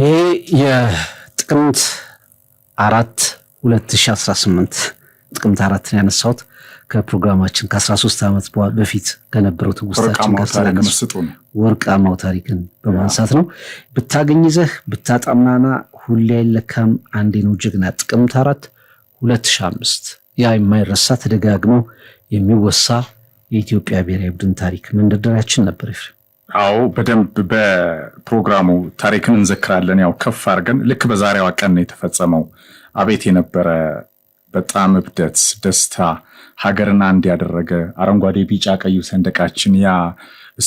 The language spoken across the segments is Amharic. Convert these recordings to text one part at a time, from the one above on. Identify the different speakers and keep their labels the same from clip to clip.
Speaker 1: ይሄ የጥቅምት አራት 2018 ጥቅምት አራትን ያነሳሁት ከፕሮግራማችን ከ13 ዓመት በፊት ከነበረው
Speaker 2: ትውስታችን ወርቃማው ታሪክን በማንሳት ነው።
Speaker 1: ብታገኝ ይዘህ ብታጣምናና ሁሌ አይለካም አንዴ ነው ጀግና። ጥቅምት አራት 2005 ያ የማይረሳ ተደጋግመው የሚወሳ የኢትዮጵያ ብሔራዊ ቡድን ታሪክ መንደርደሪያችን ነበር።
Speaker 2: አዎ በደንብ በፕሮግራሙ ታሪክን እንዘክራለን። ያው ከፍ አድርገን ልክ በዛሬዋ ቀን ነው የተፈጸመው። አቤት የነበረ በጣም እብደት፣ ደስታ፣ ሀገርን አንድ ያደረገ አረንጓዴ፣ ቢጫ፣ ቀዩ ሰንደቃችን ያ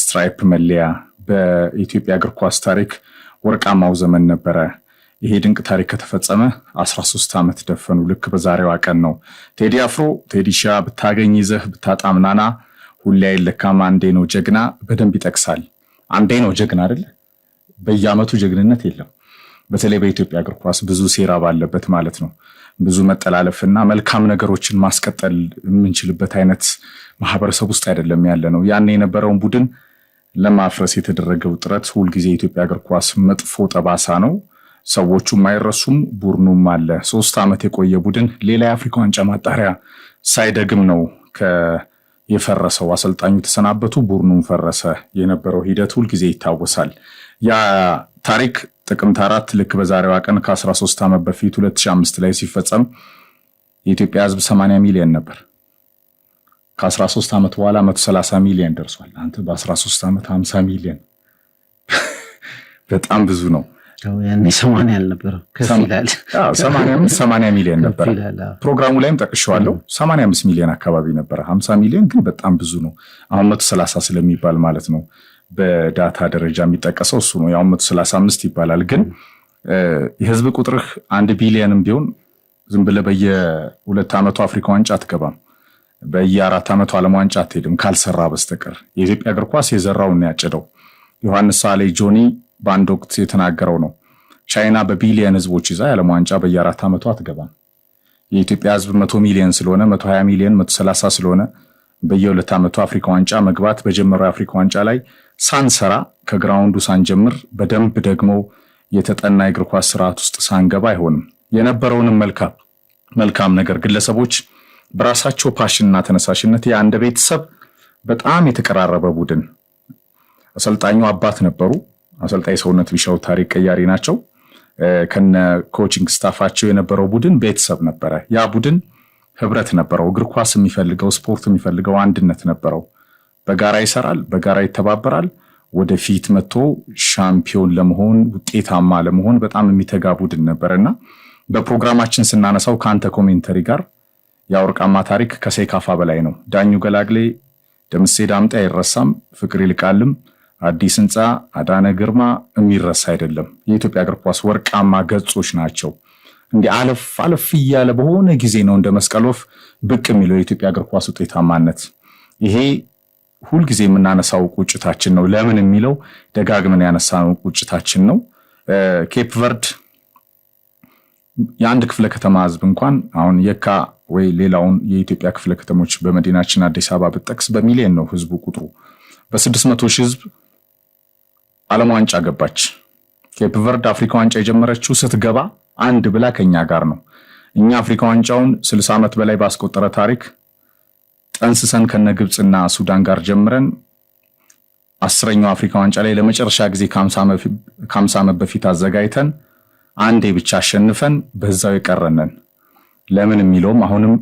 Speaker 2: ስትራይፕ መለያ በኢትዮጵያ እግር ኳስ ታሪክ ወርቃማው ዘመን ነበረ። ይሄ ድንቅ ታሪክ ከተፈጸመ 13 ዓመት ደፈኑ። ልክ በዛሬዋ ቀን ነው ቴዲ አፍሮ ቴዲሻ ብታገኝ ይዘህ ብታጣምናና ሁሌ አይለካም አንዴ ነው ጀግና በደንብ ይጠቅሳል። አንዴ ነው ጀግና አይደለ? በየአመቱ ጀግንነት የለም። በተለይ በኢትዮጵያ እግር ኳስ ብዙ ሴራ ባለበት ማለት ነው። ብዙ መጠላለፍና መልካም ነገሮችን ማስቀጠል የምንችልበት አይነት ማህበረሰብ ውስጥ አይደለም ያለ ነው። ያን የነበረውን ቡድን ለማፍረስ የተደረገው ጥረት ሁልጊዜ የኢትዮጵያ እግር ኳስ መጥፎ ጠባሳ ነው። ሰዎቹም አይረሱም፣ ቡድኑም አለ። ሶስት ዓመት የቆየ ቡድን ሌላ የአፍሪካ ዋንጫ ማጣሪያ ሳይደግም ነው የፈረሰው። አሰልጣኙ ተሰናበቱ፣ ቡድኑም ፈረሰ። የነበረው ሂደት ሁልጊዜ ይታወሳል። ያ ታሪክ ጥቅምት አራት ልክ በዛሬዋ ቀን ከ13 ዓመት በፊት 2005 ላይ ሲፈጸም የኢትዮጵያ ሕዝብ 80 ሚሊዮን ነበር። ከ13 ዓመት በኋላ 130 ሚሊዮን ደርሷል። አንተ በ13 ዓመት 50 ሚሊዮን በጣም ብዙ ነው።
Speaker 1: ያኔ ሰማንያ አልነበረም
Speaker 2: ሰማንያ ሚሊዮን ነበረ። ፕሮግራሙ ላይም ጠቅሼዋለሁ። ሰማንያ አምስት ሚሊዮን አካባቢ ነበረ። ሀምሳ ሚሊዮን ግን በጣም ብዙ ነው። አሁን መቶ ሰላሳ ስለሚባል ማለት ነው በዳታ ደረጃ የሚጠቀሰው እሱ ነው። ያው መቶ ሰላሳ አምስት ይባላል። ግን የህዝብ ቁጥርህ አንድ ቢሊዮንም ቢሆን ዝም ብለህ በየሁለት ዓመቱ አፍሪካ ዋንጫ አትገባም። በየአራት ዓመቱ ዓለም ዋንጫ አትሄድም ካልሰራ በስተቀር የኢትዮጵያ እግር ኳስ የዘራውን ያጭደው ዮሐንስ ሳሌ ጆኒ በአንድ ወቅት የተናገረው ነው። ቻይና በቢሊየን ህዝቦች ይዛ የዓለም ዋንጫ በየአራት ዓመቱ አትገባም። የኢትዮጵያ ህዝብ መቶ ሚሊየን ስለሆነ መቶ ሀያ ሚሊየን መቶ ሰላሳ ስለሆነ በየሁለት ዓመቱ አፍሪካ ዋንጫ መግባት በጀመረው የአፍሪካ ዋንጫ ላይ ሳንሰራ ከግራውንዱ ሳንጀምር በደንብ ደግሞ የተጠና የእግር ኳስ ስርዓት ውስጥ ሳንገባ አይሆንም። የነበረውንም መልካም መልካም ነገር ግለሰቦች በራሳቸው ፓሽንና ተነሳሽነት የአንድ ቤተሰብ በጣም የተቀራረበ ቡድን አሰልጣኙ አባት ነበሩ። አሰልጣኝ ሰውነት ቢሻው፣ ታሪክ ቀያሪ ናቸው። ከነ ኮችንግ ስታፋቸው የነበረው ቡድን ቤተሰብ ነበረ። ያ ቡድን ህብረት ነበረው። እግር ኳስ የሚፈልገው ስፖርት የሚፈልገው አንድነት ነበረው። በጋራ ይሰራል፣ በጋራ ይተባበራል። ወደፊት መጥቶ ሻምፒዮን ለመሆን ውጤታማ ለመሆን በጣም የሚተጋ ቡድን ነበር እና በፕሮግራማችን ስናነሳው ከአንተ ኮሜንተሪ ጋር የአውርቃማ ታሪክ ከሴካፋ በላይ ነው። ዳኙ ገላግሌ፣ ደምሴ ዳምጤ አይረሳም፣ ፍቅር ይልቃልም አዲስ ህንፃ፣ አዳነ ግርማ የሚረሳ አይደለም። የኢትዮጵያ እግር ኳስ ወርቃማ ገጾች ናቸው። እንዲህ አለፍ አለፍ እያለ በሆነ ጊዜ ነው እንደ መስቀል ወፍ ብቅ የሚለው የኢትዮጵያ እግር ኳስ ውጤታማነት። ይሄ ሁልጊዜ የምናነሳው ቁጭታችን ነው። ለምን የሚለው ደጋግመን ያነሳነው ቁጭታችን ነው። ኬፕ ቨርድ የአንድ ክፍለ ከተማ ህዝብ እንኳን አሁን የካ ወይ ሌላውን የኢትዮጵያ ክፍለ ከተሞች በመዲናችን አዲስ አበባ ብጠቅስ በሚሊየን ነው ህዝቡ ቁጥሩ በስድስት መቶ ሺህ ህዝብ ዓለም ዋንጫ ገባች። ኬፕ ቨርድ አፍሪካ ዋንጫ የጀመረችው ስትገባ አንድ ብላ ከኛ ጋር ነው። እኛ አፍሪካ ዋንጫውን 60 ዓመት በላይ ባስቆጠረ ታሪክ ጠንስሰን ከነ ግብፅና ሱዳን ጋር ጀምረን አስረኛው አፍሪካ ዋንጫ ላይ ለመጨረሻ ጊዜ ከ ዓመት በፊት አዘጋጅተን አንዴ ብቻ አሸንፈን በዛው የቀረነን ለምን የሚለውም አሁንም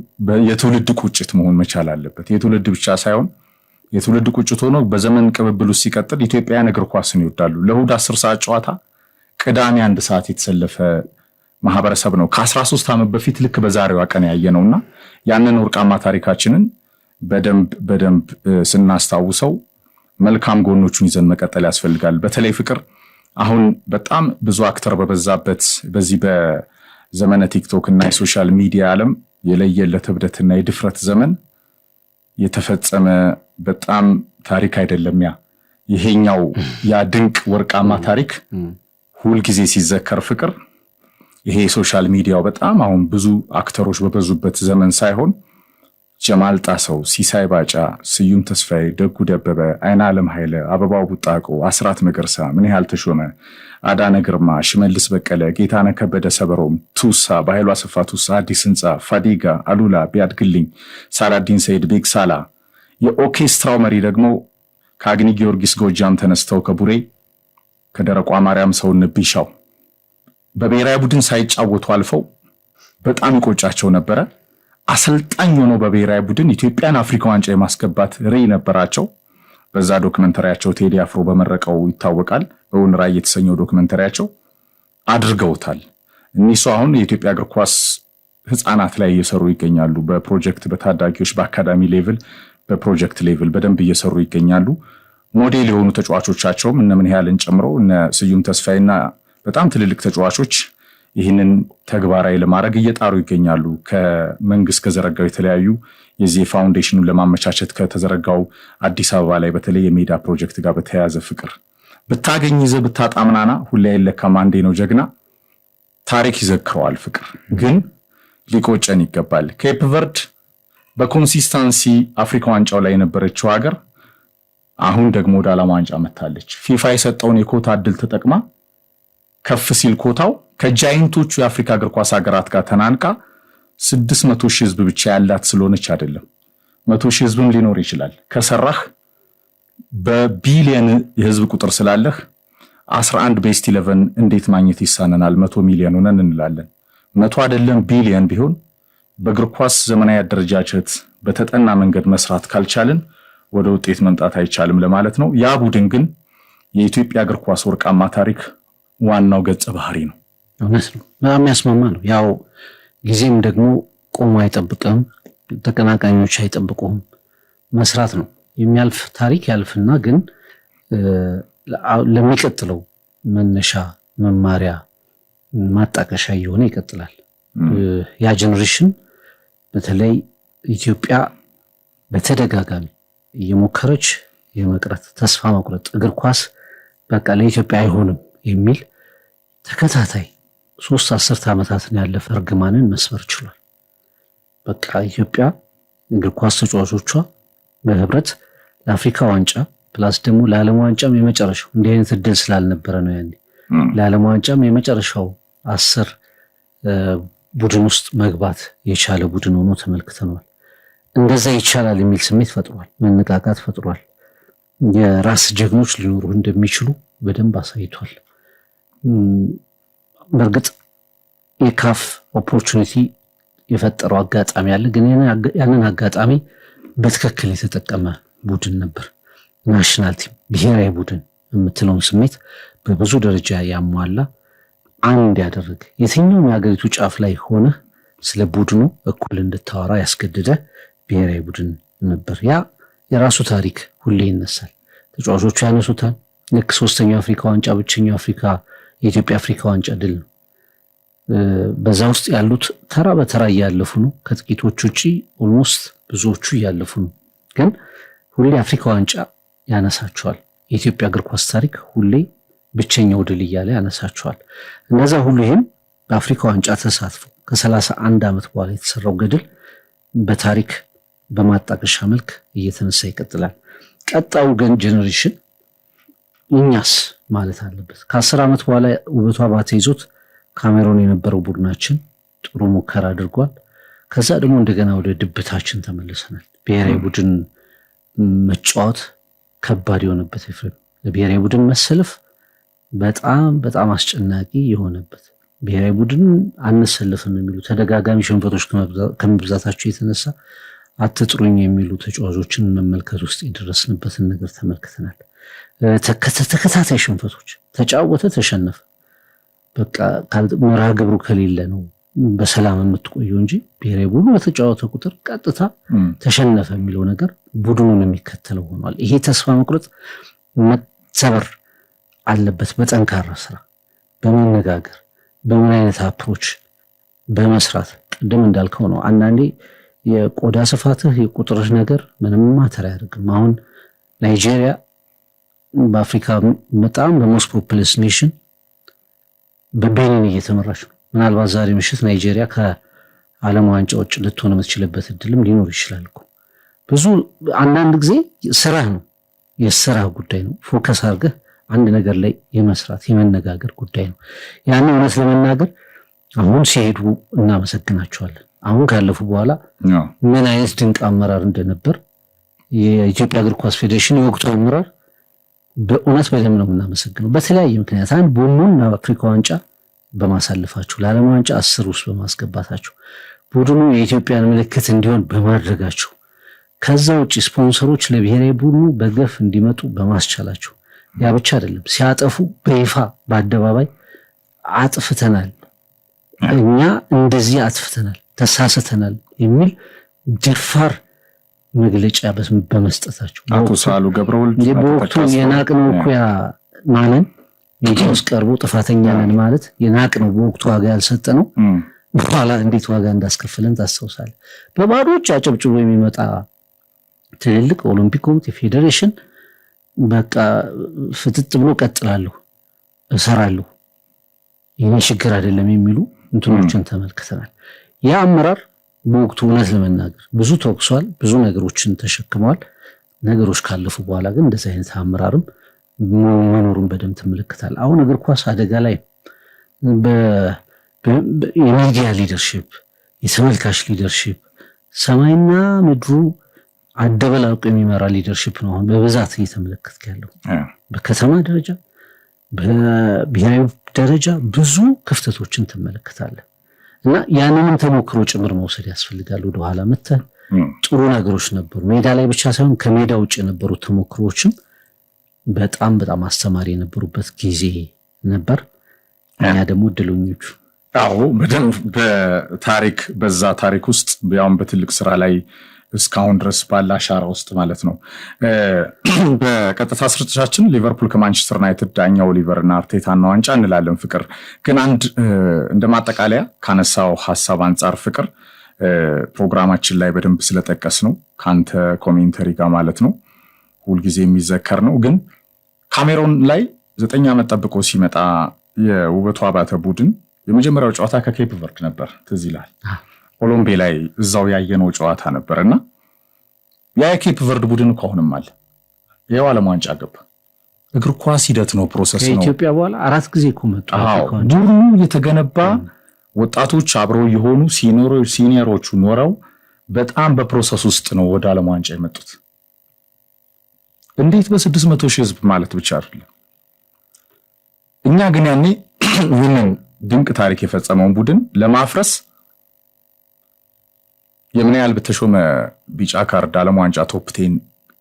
Speaker 2: የትውልድ ቁጭት መሆን መቻል አለበት። የትውልድ ብቻ ሳይሆን የትውልድ ቁጭት ሆኖ በዘመን ቅብብሉ ሲቀጥል ኢትዮጵያውያን እግር ኳስን ይወዳሉ። ለእሑድ አስር ሰዓት ጨዋታ ቅዳሜ አንድ ሰዓት የተሰለፈ ማህበረሰብ ነው። ከ13 ዓመት በፊት ልክ በዛሬዋ ቀን ያየ እና ያንን ወርቃማ ታሪካችንን በደንብ በደንብ ስናስታውሰው መልካም ጎኖቹን ይዘን መቀጠል ያስፈልጋል። በተለይ ፍቅር አሁን በጣም ብዙ አክተር በበዛበት በዚህ በዘመነ ቲክቶክ እና የሶሻል ሚዲያ ዓለም የለየለት እብደትና የድፍረት ዘመን የተፈጸመ በጣም ታሪክ አይደለም ያ ይሄኛው ያ ድንቅ ወርቃማ ታሪክ ሁልጊዜ ሲዘከር ፍቅር ይሄ ሶሻል ሚዲያው በጣም አሁን ብዙ አክተሮች በበዙበት ዘመን ሳይሆን ጀማል ጣሰው፣ ሲሳይ ባጫ፣ ስዩም ተስፋዬ፣ ደጉ ደበበ፣ አይነ ዓለም ኃይለ፣ አበባው ቡጣቆ፣ አስራት መገርሳ፣ ምን ያህል ተሾመ፣ አዳነ ግርማ፣ ሽመልስ በቀለ፣ ጌታነ ከበደ፣ ሰበሮም፣ ቱሳ፣ በኃይሉ አሰፋ ቱሳ፣ አዲስ ህንፃ፣ ፋዲጋ፣ አሉላ፣ ቢያድግልኝ፣ ሳላዲን ሰይድ፣ ቤግ ሳላ የኦርኬስትራው መሪ ደግሞ ከአግኒ ጊዮርጊስ ጎጃም ተነስተው ከቡሬ ከደረቋ ማርያም ሰውነት ቢሻው በብሔራዊ ቡድን ሳይጫወቱ አልፈው በጣም ይቆጫቸው ነበረ። አሰልጣኝ ሆነው በብሔራዊ ቡድን ኢትዮጵያን አፍሪካ ዋንጫ የማስገባት ርዕይ ነበራቸው። በዛ ዶክመንተሪያቸው ቴዲ አፍሮ በመረቀው ይታወቃል። እውን ራዕይ የተሰኘው ዶክመንተሪያቸው አድርገውታል። እኒሱ አሁን የኢትዮጵያ እግር ኳስ ህፃናት ላይ እየሰሩ ይገኛሉ። በፕሮጀክት በታዳጊዎች በአካዳሚ ሌቭል በፕሮጀክት ሌቭል በደንብ እየሰሩ ይገኛሉ። ሞዴል የሆኑ ተጫዋቾቻቸውም እነ ምን ያህልን ጨምሮ እነ ስዩም ተስፋዬና በጣም ትልልቅ ተጫዋቾች ይህንን ተግባራዊ ለማድረግ እየጣሩ ይገኛሉ። ከመንግስት ከዘረጋው የተለያዩ የዚህ ፋውንዴሽኑን ለማመቻቸት ከተዘረጋው አዲስ አበባ ላይ በተለይ የሜዳ ፕሮጀክት ጋር በተያያዘ ፍቅር ብታገኝ ይዘ ብታጣ ምናና ሁላ የለካም አንዴ ነው ጀግና ታሪክ ይዘክረዋል። ፍቅር ግን ሊቆጨን ይገባል። ኬፕ ቨርድ በኮንሲስታንሲ አፍሪካ ዋንጫው ላይ የነበረችው ሀገር አሁን ደግሞ ወደ ዓለም ዋንጫ መታለች። ፊፋ የሰጠውን የኮታ እድል ተጠቅማ ከፍ ሲል ኮታው ከጃይንቶቹ የአፍሪካ እግር ኳስ ሀገራት ጋር ተናንቃ ስድስት መቶ ሺህ ህዝብ ብቻ ያላት ስለሆነች አይደለም። መቶ ሺህ ህዝብም ሊኖር ይችላል ከሰራህ በቢሊየን የህዝብ ቁጥር ስላለህ 11 ቤስት ኢለቨን እንዴት ማግኘት ይሳነናል? መቶ ሚሊዮን ሆነን እንላለን። መቶ አይደለም ቢሊየን ቢሆን በእግር ኳስ ዘመናዊ አደረጃጀት በተጠና መንገድ መስራት ካልቻልን ወደ ውጤት መምጣት አይቻልም ለማለት ነው። ያ ቡድን ግን የኢትዮጵያ እግር ኳስ ወርቃማ ታሪክ ዋናው ገጸ ባህሪ ነው።
Speaker 1: እውነት ነው። በጣም ያስማማ ነው። ያው ጊዜም ደግሞ ቆሞ አይጠብቅም፣ ተቀናቃኞች አይጠብቁም። መስራት ነው የሚያልፍ ታሪክ ያልፍና ግን ለሚቀጥለው መነሻ መማሪያ ማጣቀሻ እየሆነ ይቀጥላል። ያ ጀኔሬሽን በተለይ ኢትዮጵያ በተደጋጋሚ እየሞከረች የመቅረት ተስፋ መቁረጥ እግር ኳስ በቃ ለኢትዮጵያ አይሆንም የሚል ተከታታይ ሶስት አስርት ዓመታትን ያለፈ እርግማንን መስበር ችሏል። በቃ ኢትዮጵያ እግር ኳስ ተጫዋቾቿ በህብረት ለአፍሪካ ዋንጫ ፕላስ ደግሞ ለዓለም ዋንጫም የመጨረሻው እንዲህ አይነት እድል ስላልነበረ ነው ያኔ ለዓለም ዋንጫም የመጨረሻው አስር ቡድን ውስጥ መግባት የቻለ ቡድን ሆኖ ተመልክተነዋል። እንደዛ ይቻላል የሚል ስሜት ፈጥሯል፣ መነቃቃት ፈጥሯል። የራስ ጀግኖች ሊኖሩ እንደሚችሉ በደንብ አሳይቷል። በእርግጥ የካፍ ኦፖርቹኒቲ የፈጠረው አጋጣሚ አለ፣ ግን ያንን አጋጣሚ በትክክል የተጠቀመ ቡድን ነበር። ናሽናል ቲም ብሔራዊ ቡድን የምትለውን ስሜት በብዙ ደረጃ ያሟላ አንድ ያደረገ የትኛውም የሀገሪቱ ጫፍ ላይ ሆነ ስለ ቡድኑ እኩል እንድታወራ ያስገደደ ብሔራዊ ቡድን ነበር። ያ የራሱ ታሪክ ሁሌ ይነሳል፣ ተጫዋቾቹ ያነሱታል። ልክ ሶስተኛው አፍሪካ ዋንጫ ብቸኛው አፍሪካ የኢትዮጵያ አፍሪካ ዋንጫ ድል ነው። በዛ ውስጥ ያሉት ተራ በተራ እያለፉ ነው። ከጥቂቶች ውጭ ኦልሞስት ብዙዎቹ እያለፉ ነው። ግን ሁሌ አፍሪካ ዋንጫ ያነሳቸዋል። የኢትዮጵያ እግር ኳስ ታሪክ ሁሌ ብቸኛው ድል እያለ ያነሳቸዋል። እነዛ ሁሉ ይህም በአፍሪካ ዋንጫ ተሳትፎ ከሰላሳ አንድ ዓመት በኋላ የተሰራው ገድል በታሪክ በማጣቀሻ መልክ እየተነሳ ይቀጥላል። ቀጣዩ ግን ጀኔሬሽን እኛስ ማለት አለበት። ከአስር ዓመት በኋላ ውበቱ አባተ ይዞት ካሜሮን የነበረው ቡድናችን ጥሩ ሙከራ አድርጓል። ከዛ ደግሞ እንደገና ወደ ድብታችን ተመልሰናል። ብሔራዊ ቡድን መጫወት ከባድ የሆነበት ፍሬም ለብሔራዊ ቡድን መሰለፍ በጣም በጣም አስጨናቂ የሆነበት ብሔራዊ ቡድን አንሰልፍም የሚሉ ተደጋጋሚ ሽንፈቶች ከመብዛታቸው የተነሳ አትጥሩኝ የሚሉ ተጫዋቾችን መመልከት ውስጥ የደረስንበትን ነገር ተመልክተናል። ተከታታይ ሽንፈቶች ተጫወተ፣ ተሸነፈ። በቃ መርሃ ግብሩ ከሌለ ነው በሰላም የምትቆየው እንጂ ብሔራዊ ቡድኑ በተጫወተ ቁጥር ቀጥታ ተሸነፈ የሚለው ነገር ቡድኑን የሚከተለው ሆኗል። ይሄ ተስፋ መቁረጥ መሰበር አለበት። በጠንካራ ስራ፣ በመነጋገር በምን አይነት አፕሮች በመስራት ቅድም እንዳልከው ነው። አንዳንዴ የቆዳ ስፋትህ የቁጥርህ ነገር ምንም ማተር አያደርግም። አሁን ናይጄሪያ በአፍሪካ በጣም በሞስት ፖፕለስ ኔሽን በቤኒን እየተመራች ነው። ምናልባት ዛሬ ምሽት ናይጄሪያ ከዓለም ዋንጫ ውጭ ልትሆን የምትችልበት እድልም ሊኖር ይችላል እኮ ብዙ። አንዳንድ ጊዜ ስራህ ነው የስራህ ጉዳይ ነው። ፎከስ አድርገህ አንድ ነገር ላይ የመስራት የመነጋገር ጉዳይ ነው። ያን እውነት ለመናገር አሁን ሲሄዱ እናመሰግናቸዋለን። አሁን ካለፉ በኋላ ምን አይነት ድንቅ አመራር እንደነበር የኢትዮጵያ እግር ኳስ ፌዴሬሽን የወቅቱ አመራር በእውነት በደም ነው የምናመሰግነው። በተለያየ ምክንያት አንድ ቡድኑን አፍሪካ ዋንጫ በማሳለፋችሁ ለዓለም ዋንጫ አስር ውስጥ በማስገባታችሁ ቡድኑ የኢትዮጵያን ምልክት እንዲሆን በማድረጋችሁ ከዛ ውጭ ስፖንሰሮች ለብሔራዊ ቡድኑ በገፍ እንዲመጡ በማስቻላችሁ ያ ብቻ አይደለም፣ ሲያጠፉ በይፋ በአደባባይ አጥፍተናል፣ እኛ እንደዚህ አጥፍተናል፣ ተሳስተናል የሚል ደፋር መግለጫ በመስጠታቸው በወቅቱ ነው እኮ ያ ማነን ሚዲያ ቀርቦ ጥፋተኛ ነን ማለት ነው። በወቅቱ ዋጋ ያልሰጠነው በኋላ እንዴት ዋጋ እንዳስከፍለን ታስታውሳለህ። በባዶዎች አጨብጭቦ የሚመጣ ትልልቅ ኦሎምፒክ ኮሚቴ ፌዴሬሽን በቃ ፍጥጥ ብሎ ቀጥላለሁ፣ እሰራለሁ፣ የኔ ችግር አይደለም የሚሉ እንትኖችን ተመልክተናል። ያ አመራር በወቅቱ እውነት ለመናገር ብዙ ተወቅሷል፣ ብዙ ነገሮችን ተሸክመዋል። ነገሮች ካለፉ በኋላ ግን እንደዚህ አይነት አመራርም መኖሩን በደንብ ትመለከታል። አሁን እግር ኳስ አደጋ ላይ የሚዲያ ሊደርሽፕ የተመልካች ሊደርሽፕ ሰማይና ምድሩ አደበላልቆ የሚመራ ሊደርሽፕ ነው አሁን በብዛት እየተመለከት ያለው። በከተማ ደረጃ በብሔራዊ ደረጃ ብዙ ክፍተቶችን ትመለከታለህ እና ያንንም ተሞክሮ ጭምር መውሰድ ያስፈልጋል። ወደኋላ መተህ ጥሩ ነገሮች ነበሩ፣ ሜዳ ላይ ብቻ ሳይሆን ከሜዳ ውጭ የነበሩ ተሞክሮዎችም በጣም በጣም አስተማሪ የነበሩበት ጊዜ ነበር። እኛ ደግሞ እድለኞቹ
Speaker 2: አዎ፣ በደንብ በታሪክ በዛ ታሪክ ውስጥ ያውም በትልቅ ስራ ላይ እስካሁን ድረስ ባለ አሻራ ውስጥ ማለት ነው። በቀጥታ ስርጭታችን ሊቨርፑል ከማንቸስተር ዩናይትድ ዳኛው ሊቨርና አርቴታና ዋንጫ እንላለን። ፍቅር ግን አንድ እንደ ማጠቃለያ ካነሳው ሀሳብ አንጻር ፍቅር ፕሮግራማችን ላይ በደንብ ስለጠቀስ ነው ከአንተ ኮሜንተሪ ጋር ማለት ነው ሁልጊዜ የሚዘከር ነው። ግን ካሜሮን ላይ ዘጠኝ ዓመት ጠብቆ ሲመጣ የውበቱ አባተ ቡድን የመጀመሪያው ጨዋታ ከኬፕ ቨርድ ነበር ትዝ ይላል። ኮሎምቤ ላይ እዛው ያየነው ጨዋታ ነበር እና ያ የኬፕ ቨርድ ቡድን እኮ አሁንም አለ። ይኸው ዓለም ዋንጫ ገባ። እግር ኳስ ሂደት ነው፣ ፕሮሰስ
Speaker 1: ነው። ከኢትዮጵያ በኋላ አራት ጊዜ እኮ መጡ።
Speaker 2: ቡድኑ የተገነባ ወጣቶች አብረው የሆኑ ሲኒየሮቹ ኖረው በጣም በፕሮሰስ ውስጥ ነው ወደ ዓለም ዋንጫ የመጡት። እንዴት በስድስት መቶ ሺህ ህዝብ ማለት ብቻ አይደለም። እኛ ግን ያኔ ይህንን ድንቅ ታሪክ የፈጸመውን ቡድን ለማፍረስ የምን ያህል በተሾመ ቢጫ ካርድ ዓለም ዋንጫ ቶፕቴን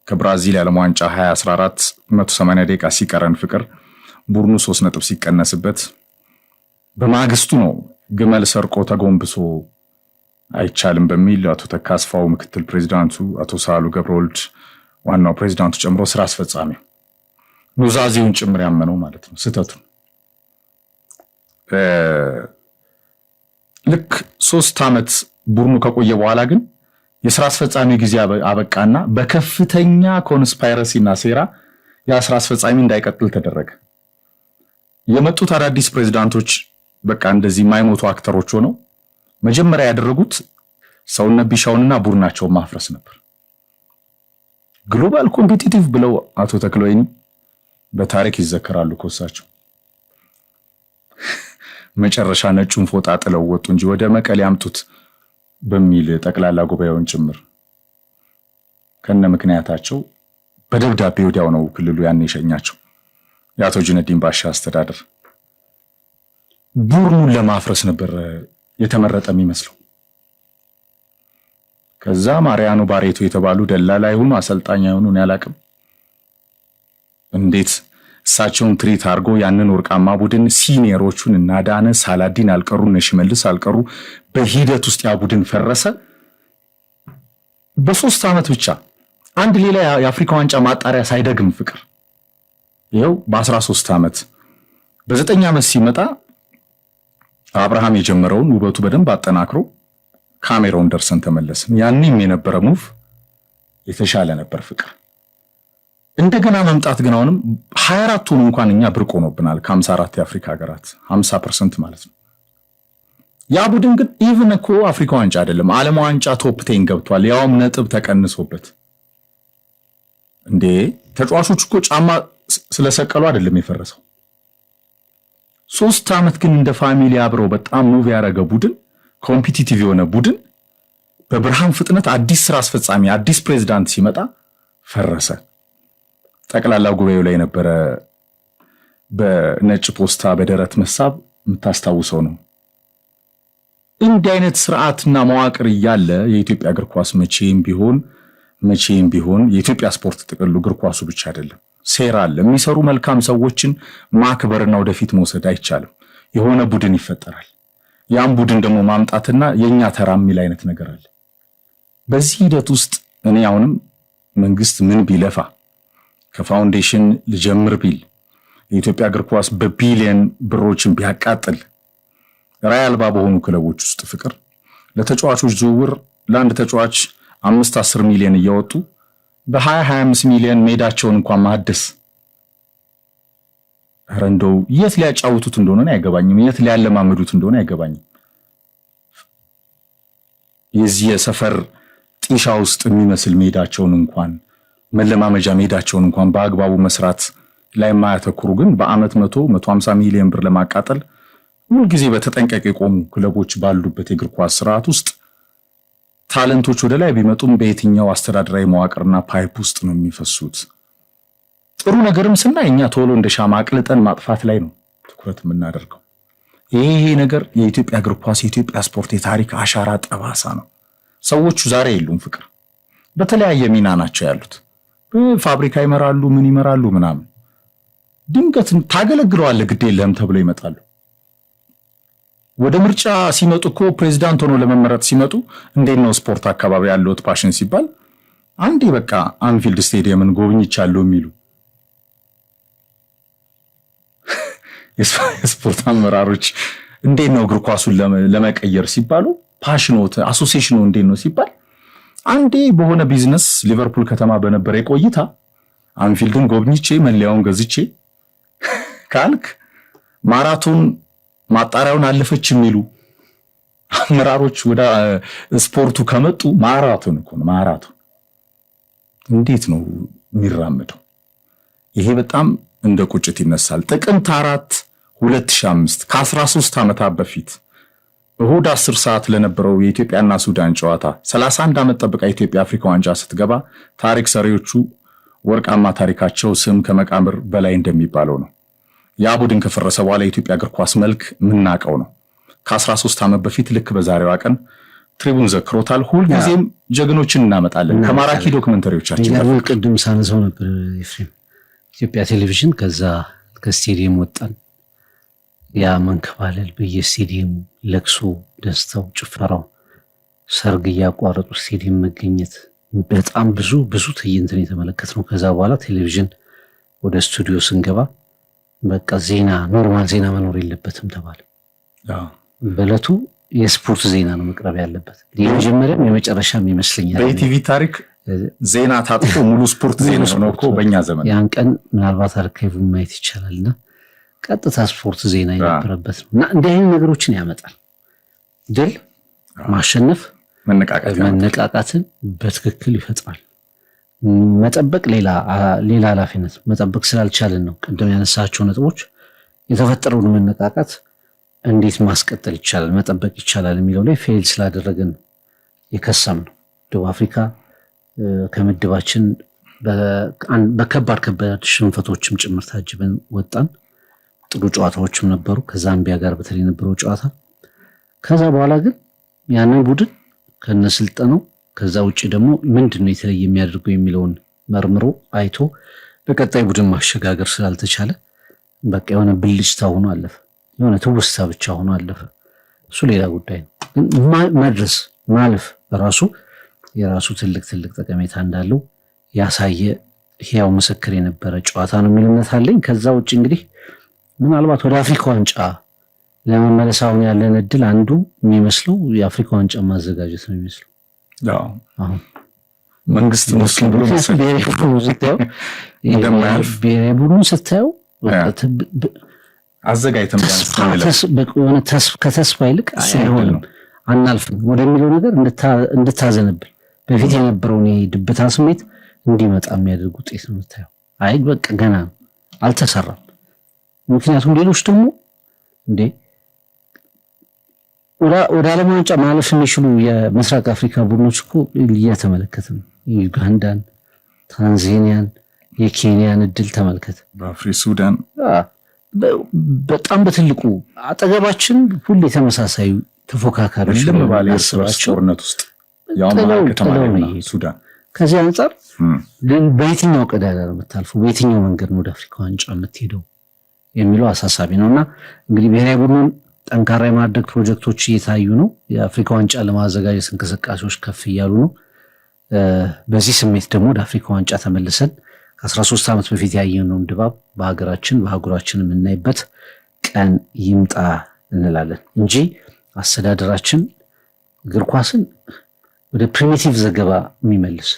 Speaker 2: ከብራዚል ዓለም ዋንጫ 2014 180 ደቂቃ ሲቀረን ፍቅር ቡድኑ ሶስት ነጥብ ሲቀነስበት በማግስቱ ነው ግመል ሰርቆ ተጎንብሶ አይቻልም በሚል አቶ ተካስፋው ምክትል ፕሬዚዳንቱ፣ አቶ ሳሉ ገብረወልድ ዋናው ፕሬዚዳንቱ ጨምሮ ስራ አስፈጻሚ ኑዛዜውን ጭምር ያመነው ማለት ነው ስህተቱን ልክ ሶስት ዓመት ቡድኑ ከቆየ በኋላ ግን የስራ አስፈጻሚ ጊዜ አበቃና በከፍተኛ ኮንስፓይረሲና ሴራ የስራ አስፈጻሚ እንዳይቀጥል ተደረገ። የመጡት አዳዲስ ፕሬዚዳንቶች በቃ እንደዚህ የማይሞቱ አክተሮች ሆነው መጀመሪያ ያደረጉት ሰውነት ቢሻውንና ቡድናቸውን ማፍረስ ነበር። ግሎባል ኮምፒቲቲቭ ብለው አቶ ተክለወይኒ በታሪክ ይዘከራሉ ኮሳቸው መጨረሻ ነጩን ፎጣ ጥለው ወጡ እንጂ ወደ መቀሌ አምጡት በሚል ጠቅላላ ጉባኤውን ጭምር ከነ ምክንያታቸው በደብዳቤ ወዲያው ነው ክልሉ ያን የሸኛቸው የአቶ ጁነዲን ባሻ አስተዳደር። ቡድኑን ለማፍረስ ነበር የተመረጠ የሚመስለው። ከዛ ማርያኑ ባሬቶ የተባሉ ደላላ ይሁኑ አሰልጣኝ ይሁኑ ያላቅም አላቅም እንዴት እሳቸውን ትሪት አድርጎ ያንን ወርቃማ ቡድን ሲኒየሮቹን እናዳነ ሳላዲን አልቀሩ እነ አልቀሩ። በሂደት ውስጥ ያ ቡድን ፈረሰ። በሶስት ዓመት ብቻ አንድ ሌላ የአፍሪካ ዋንጫ ማጣሪያ ሳይደግም ፍቅር ይኸው በ13 ዓመት በዘጠኝ ዓመት ሲመጣ አብርሃም የጀመረውን ውበቱ በደንብ አጠናክሮ ካሜሮን ደርሰን ተመለስን። ያኔም የነበረ ሙቭ የተሻለ ነበር ፍቅር እንደገና መምጣት ግን አሁንም ሀያ አራቱን እንኳን እኛ ብርቅ ሆኖብናል። ከሀምሳ አራት የአፍሪካ ሀገራት ሀምሳ ፐርሰንት ማለት ነው። ያ ቡድን ግን ኢቭን እኮ አፍሪካ ዋንጫ አይደለም ዓለም ዋንጫ ቶፕቴን ገብቷል፣ ያውም ነጥብ ተቀንሶበት። እንዴ ተጫዋቾች እኮ ጫማ ስለሰቀሉ አይደለም የፈረሰው። ሶስት ዓመት ግን እንደ ፋሚሊ አብረው በጣም ሙቭ ያደረገ ቡድን፣ ኮምፒቲቲቭ የሆነ ቡድን በብርሃን ፍጥነት አዲስ ስራ አስፈጻሚ አዲስ ፕሬዚዳንት ሲመጣ ፈረሰ። ጠቅላላ ጉባኤው ላይ ነበረ። በነጭ ፖስታ በደረት መሳብ የምታስታውሰው ነው። እንዲህ አይነት ስርዓትና መዋቅር እያለ የኢትዮጵያ እግር ኳስ መቼም ቢሆን መቼም ቢሆን የኢትዮጵያ ስፖርት ጥቅሉ እግር ኳሱ ብቻ አይደለም፣ ሴራ አለ። የሚሰሩ መልካም ሰዎችን ማክበርና ወደፊት መውሰድ አይቻልም። የሆነ ቡድን ይፈጠራል። ያም ቡድን ደግሞ ማምጣትና የእኛ ተራ የሚል አይነት ነገር አለ። በዚህ ሂደት ውስጥ እኔ አሁንም መንግስት ምን ቢለፋ ከፋውንዴሽን ልጀምር ቢል የኢትዮጵያ እግር ኳስ በቢሊየን ብሮችን ቢያቃጥል ራይ አልባ በሆኑ ክለቦች ውስጥ ፍቅር ለተጫዋቾች ዝውውር ለአንድ ተጫዋች አምስት አስር ሚሊዮን እያወጡ በ ሀያ ሚሊዮን ሜዳቸውን እንኳን ማደስ ኧረ እንደው የት ሊያጫውቱት እንደሆነ አይገባኝም። የት ሊያለማመዱት እንደሆነ አይገባኝም። የዚህ የሰፈር ጢሻ ውስጥ የሚመስል ሜዳቸውን እንኳን መለማመጃ መሄዳቸውን እንኳን በአግባቡ መስራት ላይ የማያተኩሩ ግን በአመት መቶ መቶ ሀምሳ ሚሊዮን ብር ለማቃጠል ሁልጊዜ በተጠንቀቅ የቆሙ ክለቦች ባሉበት የእግር ኳስ ስርዓት ውስጥ ታለንቶች ወደ ላይ ቢመጡም በየትኛው አስተዳደራዊ መዋቅርና ፓይፕ ውስጥ ነው የሚፈሱት? ጥሩ ነገርም ስናይ እኛ ቶሎ እንደ ሻማ አቅልጠን ማጥፋት ላይ ነው ትኩረት የምናደርገው። ይሄ ነገር የኢትዮጵያ እግር ኳስ የኢትዮጵያ ስፖርት የታሪክ አሻራ ጠባሳ ነው። ሰዎቹ ዛሬ የሉም ፍቅር፣ በተለያየ ሚና ናቸው ያሉት። ፋብሪካ ይመራሉ፣ ምን ይመራሉ ምናምን። ድንገት ታገለግለዋለህ፣ ግድ የለህም ተብሎ ይመጣሉ። ወደ ምርጫ ሲመጡ እኮ ፕሬዚዳንት ሆኖ ለመመረጥ ሲመጡ እንዴት ነው ስፖርት አካባቢ ያለውት ፓሽን ሲባል አንዴ በቃ አንፊልድ ስቴዲየምን ጎብኝቻለሁ የሚሉ የስፖርት አመራሮች እንዴት ነው እግር ኳሱን ለመቀየር ሲባሉ ፓሽኖት አሶሲሽኑ እንዴት ነው ሲባል አንዴ በሆነ ቢዝነስ ሊቨርፑል ከተማ በነበረ ቆይታ አንፊልድን ጎብኝቼ መለያውን ገዝቼ ካልክ ማራቶን ማጣሪያውን አለፈች የሚሉ አመራሮች ወደ ስፖርቱ ከመጡ ማራቶን እኮ ማራቶን እንዴት ነው የሚራምደው? ይሄ በጣም እንደ ቁጭት ይነሳል። ጥቅምት አራት 2005 ከ13 ዓመታት በፊት እሁድ 10 ሰዓት ለነበረው የኢትዮጵያና ሱዳን ጨዋታ 31 ዓመት ጠብቃ ኢትዮጵያ አፍሪካ ዋንጫ ስትገባ ታሪክ ሰሪዎቹ ወርቃማ ታሪካቸው ስም ከመቃብር በላይ እንደሚባለው ነው። ያ ቡድን ከፈረሰ በኋላ የኢትዮጵያ እግር ኳስ መልክ ምናቀው ነው። ከ13 ዓመት በፊት ልክ በዛሬዋ ቀን ትሪቡን ዘክሮታል። ሁልጊዜም ጀግኖችን እናመጣለን ከማራኪ ዶክመንተሪዎቻችን።
Speaker 1: ቅድም ሳነሰው ነበር ኢትዮጵያ ቴሌቪዥን ከዛ ከስቴዲየም ወጣን ያ መንከባለል በየስቴዲየሙ ለቅሶ፣ ደስታው፣ ጭፈራው፣ ሰርግ እያቋረጡ ስቴዲየም መገኘት በጣም ብዙ ብዙ ትዕይንትን የተመለከት ነው። ከዛ በኋላ ቴሌቪዥን ወደ ስቱዲዮ ስንገባ በቃ ዜና ኖርማል ዜና መኖር የለበትም ተባለ። በእለቱ የስፖርት ዜና ነው መቅረብ ያለበት። የመጀመሪያም የመጨረሻም ይመስለኛል።
Speaker 2: በኢቲቪ ታሪክ ዜና ታጥፎ ሙሉ ስፖርት ዜና ነው እኮ በእኛ ዘመን።
Speaker 1: ያን ቀን ምናልባት አርካይቭ ማየት ይቻላልና ቀጥታ ስፖርት ዜና የነበረበት ነው እና እንዲህ አይነት ነገሮችን ያመጣል። ድል ማሸነፍ መነቃቃትን በትክክል ይፈጥራል። መጠበቅ ሌላ ኃላፊነት መጠበቅ ስላልቻልን ነው። ቅድም ያነሳቸው ነጥቦች የተፈጠረውን መነቃቃት እንዴት ማስቀጠል ይቻላል፣ መጠበቅ ይቻላል የሚለው ላይ ፌል ስላደረግን የከሰም ነው። ደቡብ አፍሪካ ከምድባችን በከባድ ከባድ ሽንፈቶችም ጭምር ታጅበን ወጣን። ጥሩ ጨዋታዎችም ነበሩ ከዛምቢያ ጋር በተለይ የነበረው ጨዋታ። ከዛ በኋላ ግን ያንን ቡድን ከነስልጠነው ከዛ ውጭ ደግሞ ምንድን ነው የተለየ የሚያደርገው የሚለውን መርምሮ አይቶ በቀጣይ ቡድን ማሸጋገር ስላልተቻለ በቃ የሆነ ብልጭታ ሆኖ አለፈ። የሆነ ትውስታ ብቻ ሆኖ አለፈ። እሱ ሌላ ጉዳይ ነው። መድረስ ማለፍ በራሱ የራሱ ትልቅ ትልቅ ጠቀሜታ እንዳለው ያሳየ ሕያው ምስክር የነበረ ጨዋታ ነው የሚል እምነት አለኝ። ከዛ ውጭ እንግዲህ ምናልባት ወደ አፍሪካ ዋንጫ ለመመለስ አሁን ያለን እድል አንዱ የሚመስለው የአፍሪካ ዋንጫ ማዘጋጀት ነው የሚመስለው።
Speaker 2: መንግስት መስሎኝ ብሎ
Speaker 1: ብሔራዊ ቡድኑ ስታየው አዘጋጅተን ከተስፋ ይልቅ አይሆንም አናልፍም ወደሚለው ነገር እንድታዘንብል በፊት የነበረውን ድብታ ስሜት እንዲመጣ የሚያደርግ ውጤት ነው የምታየው። አይ በቃ ገና አልተሰራም ምክንያቱም ሌሎች ደግሞ እንዴ ወደ ዓለም ዋንጫ ማለፍ የሚችሉ የምስራቅ አፍሪካ ቡድኖች እኮ እያተመለከትን ዩጋንዳን፣ ታንዛኒያን፣ የኬንያን እድል ተመልከት፣
Speaker 2: በአፍሪ ሱዳን
Speaker 1: በጣም በትልቁ አጠገባችን ሁሉ የተመሳሳዩ ተፎካካሪዎች
Speaker 2: ስባቸው ውስጥ ሱዳን
Speaker 1: ከዚህ አንጻር በየትኛው ቀዳዳ ነው የምታልፈው? በየትኛው መንገድ ነው ወደ አፍሪካ ዋንጫ የምትሄደው? የሚለው አሳሳቢ ነው እና እንግዲህ ብሔራዊ ቡድኑን ጠንካራ የማድረግ ፕሮጀክቶች እየታዩ ነው። የአፍሪካ ዋንጫ ለማዘጋጀት እንቅስቃሴዎች ከፍ እያሉ ነው። በዚህ ስሜት ደግሞ ወደ አፍሪካ ዋንጫ ተመልሰን ከ13 ዓመት በፊት ያየነውን ድባብ በሀገራችን በአህጉራችን የምናይበት ቀን ይምጣ እንላለን እንጂ አስተዳደራችን እግር ኳስን ወደ ፕሪሚቲቭ ዘገባ የሚመልስ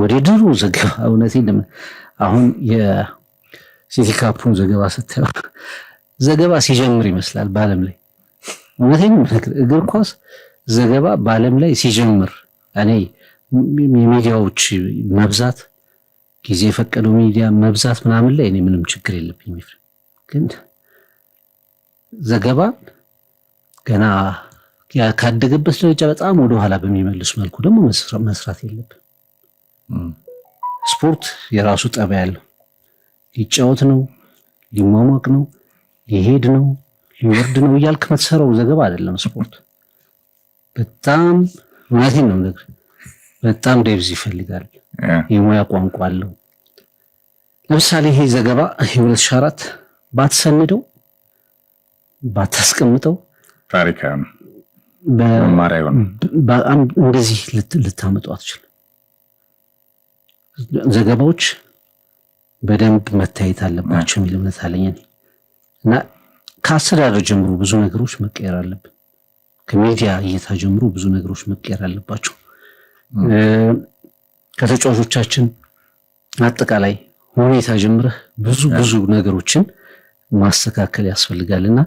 Speaker 1: ወደ ድሩ ዘገባ እውነት አሁን ሲቲካፑን ዘገባ ስታየው ዘገባ ሲጀምር ይመስላል በዓለም ላይ እውነተኛ እግር ኳስ ዘገባ በዓለም ላይ ሲጀምር እኔ የሚዲያዎች መብዛት ጊዜ የፈቀደው ሚዲያ መብዛት ምናምን ላይ እኔ ምንም ችግር የለብኝ። ግን ዘገባ ገና ካደገበት ደረጃ በጣም ወደኋላ በሚመልስ መልኩ ደግሞ መስራት የለብን። ስፖርት የራሱ ጠባይ አለው። ሊጫወት ነው፣ ሊሟሟቅ ነው፣ ሊሄድ ነው፣ ሊወርድ ነው እያልክ መትሰረው ዘገባ አይደለም ስፖርት። በጣም እውነቴን ነው ነገር በጣም ደብዝ ይፈልጋል። የሙያ ቋንቋ አለው። ለምሳሌ ይሄ ዘገባ የሁለት ሺህ አራት ባትሰንደው ባታስቀምጠው ታሪካ በጣም እንደዚህ ልታመጡ አትችልም። ዘገባዎች በደንብ መታየት አለባቸው የሚል እምነት አለኝ እና ከአስተዳደር ጀምሮ ብዙ ነገሮች መቀየር አለብን። ከሚዲያ እይታ ጀምሮ ብዙ ነገሮች መቀየር አለባቸው። ከተጫዋቾቻችን አጠቃላይ ሁኔታ ጀምረህ ብዙ ብዙ ነገሮችን ማስተካከል ያስፈልጋልና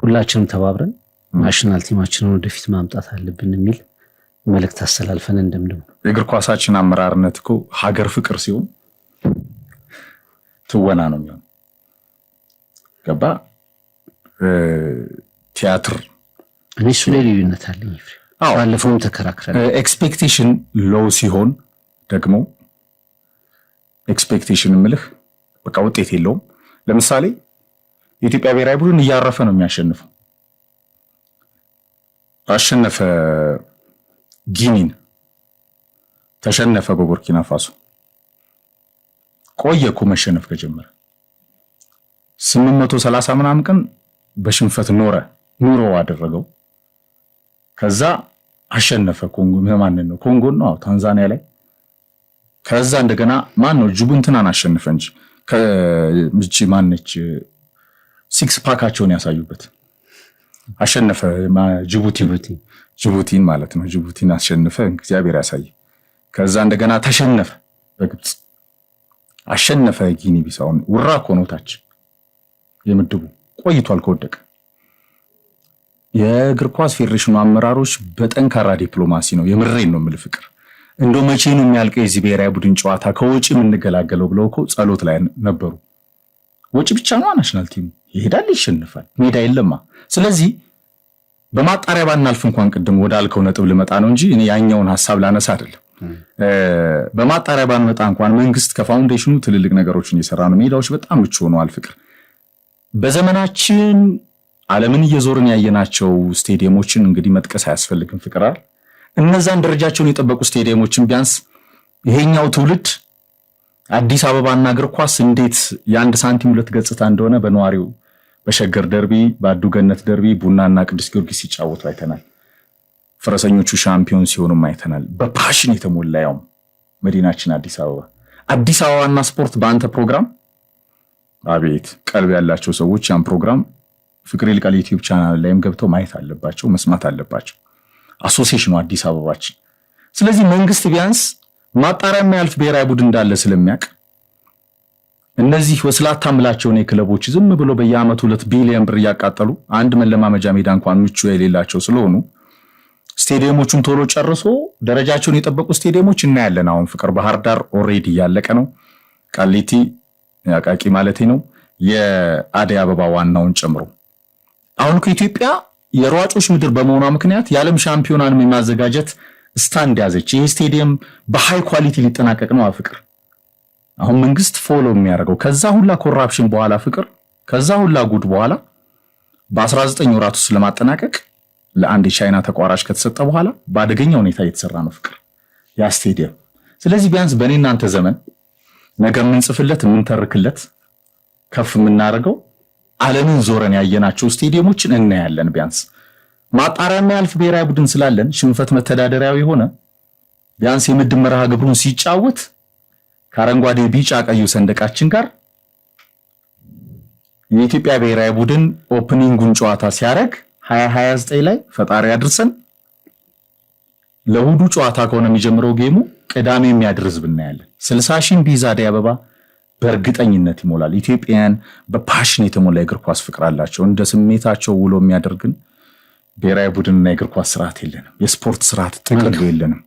Speaker 1: ሁላችንም ተባብረን ናሽናል ቲማችንን ወደፊት ማምጣት አለብን የሚል መልእክት አስተላልፈን እንደምንም
Speaker 2: የእግር ኳሳችን አመራርነት እኮ ሀገር ፍቅር ሲሆን ትወና ነው የሚሆን ገባ ቲያትር
Speaker 1: እሱ ላይ ልዩነት አለኝ። ባለፈውም ተከራክረን
Speaker 2: ኤክስፔክቴሽን ሎው ሲሆን ደግሞ ኤክስፔክቴሽን ምልህ በቃ ውጤት የለውም። ለምሳሌ የኢትዮጵያ ብሔራዊ ቡድን እያረፈ ነው የሚያሸንፈው። አሸነፈ ጊኒን፣ ተሸነፈ በቡርኪና ፋሶ ቆየ እኮ መሸነፍ ከጀመረ ስምንት መቶ ሰላሳ ምናምን ቀን በሽንፈት ኖረ ኑሮ አደረገው። ከዛ አሸነፈ። ኮንጎ ማንን ነው? ኮንጎ ነው፣ ታንዛኒያ ላይ። ከዛ እንደገና ማን ነው? ጅቡንትናን አሸነፈ እንጂ ከምቺ ማነች? ሲክስ ፓካቸውን ያሳዩበት አሸነፈ። ጅቡቲ ጅቡቲን ማለት ነው። ጅቡቲን አሸነፈ። እግዚአብሔር ያሳይ። ከዛ እንደገና ተሸነፈ በግብፅ አሸነፈ ጊኒ ቢሳውን። ውራ እኮ ነው ታች የምድቡ ቆይቷል ከወደቀ። የእግር ኳስ ፌዴሬሽኑ አመራሮች በጠንካራ ዲፕሎማሲ ነው የምሬን ነው የምልህ ፍቅር እንደ መቼ ነው የሚያልቀው የዚህ ብሔራዊ ቡድን ጨዋታ ከውጭ የምንገላገለው ብለው እኮ ጸሎት ላይ ነበሩ። ወጪ ብቻ ነው ናሽናል ቲሙ ይሄዳል፣ ይሸንፋል፣ ሜዳ የለማ። ስለዚህ በማጣሪያ ባናልፍ እንኳን ቅድም ወዳልከው ነጥብ ልመጣ ነው እንጂ ያኛውን ሀሳብ ላነሳ አይደለም። በማጣሪያ ባንመጣ እንኳን መንግስት ከፋውንዴሽኑ ትልልቅ ነገሮችን እየሰራ ነው። ሜዳዎች በጣም ምቹ ሆነዋል። ፍቅር በዘመናችን ዓለምን እየዞርን ያየናቸው ስቴዲየሞችን እንግዲህ መጥቀስ አያስፈልግም። ፍቅራል እነዛን ደረጃቸውን የጠበቁ ስቴዲየሞችን ቢያንስ ይሄኛው ትውልድ አዲስ አበባና እግር ኳስ እንዴት የአንድ ሳንቲም ሁለት ገጽታ እንደሆነ በነዋሪው በሸገር ደርቢ፣ በአዱገነት ደርቢ ቡናና ቅዱስ ጊዮርጊስ ሲጫወቱ አይተናል። ፈረሰኞቹ ሻምፒዮን ሲሆኑም አይተናል። በፓሽን የተሞላ ያውም መዲናችን አዲስ አበባ። አዲስ አበባና ስፖርት በአንተ ፕሮግራም አቤት! ቀልብ ያላቸው ሰዎች ያን ፕሮግራም ፍቅር ይልቃል ዩቲዩብ ቻናል ላይም ገብተው ማየት አለባቸው፣ መስማት አለባቸው። አሶሲሽኑ አዲስ አበባችን። ስለዚህ መንግስት ቢያንስ ማጣሪያ የሚያልፍ ብሔራዊ ቡድን እንዳለ ስለሚያውቅ እነዚህ ወስላታ ምላቸውን የክለቦች ዝም ብሎ በየአመቱ ሁለት ቢሊዮን ብር እያቃጠሉ አንድ መለማመጃ ሜዳ እንኳን ምቹ የሌላቸው ስለሆኑ ስቴዲየሞቹን ቶሎ ጨርሶ ደረጃቸውን የጠበቁ ስቴዲየሞች እናያለን። አሁን ፍቅር ባህር ዳር ኦሬዲ እያለቀ ነው። ቃሊቲ አቃቂ ማለት ነው። የአደይ አበባ ዋናውን ጨምሮ አሁን ከኢትዮጵያ የሯጮች ምድር በመሆኗ ምክንያት የዓለም ሻምፒዮናንም የማዘጋጀት ስታንድ ያዘች። ይህ ስቴዲየም በሃይ ኳሊቲ ሊጠናቀቅ ነው። ፍቅር አሁን መንግስት ፎሎ የሚያደርገው ከዛ ሁላ ኮራፕሽን በኋላ ፍቅር ከዛ ሁላ ጉድ በኋላ በ19 ወራት ውስጥ ለማጠናቀቅ ለአንድ የቻይና ተቋራጭ ከተሰጠ በኋላ በአደገኛ ሁኔታ እየተሰራ ነው ፍቅር ያ ስቴዲየም። ስለዚህ ቢያንስ በእኔ እናንተ ዘመን ነገ የምንጽፍለት የምንተርክለት ከፍ የምናደርገው ዓለምን ዞረን ያየናቸው ስቴዲየሞችን እናያለን። ቢያንስ ማጣሪያ የሚያልፍ ብሔራዊ ቡድን ስላለን ሽንፈት መተዳደሪያዊ የሆነ ቢያንስ የምድብ መርሃ ግብሩን ሲጫወት ከአረንጓዴ ቢጫ ቀዩ ሰንደቃችን ጋር የኢትዮጵያ ብሔራዊ ቡድን ኦፕኒንጉን ጨዋታ ሲያደርግ 2029 ላይ ፈጣሪ ያድርሰን። ለእሑዱ ጨዋታ ከሆነ የሚጀምረው ጌሙ ቅዳሜ የሚያድርዝ ብናያለን። 60 ሺህ ቢዛ አደይ አበባ በእርግጠኝነት ይሞላል። ኢትዮጵያውያን በፓሽን የተሞላ የእግር ኳስ ፍቅር አላቸው። እንደ ስሜታቸው ውሎ የሚያደርግን ብሔራዊ ቡድንና የእግር ኳስ ስርዓት የለንም። የስፖርት ስርዓት ጥቅል የለንም።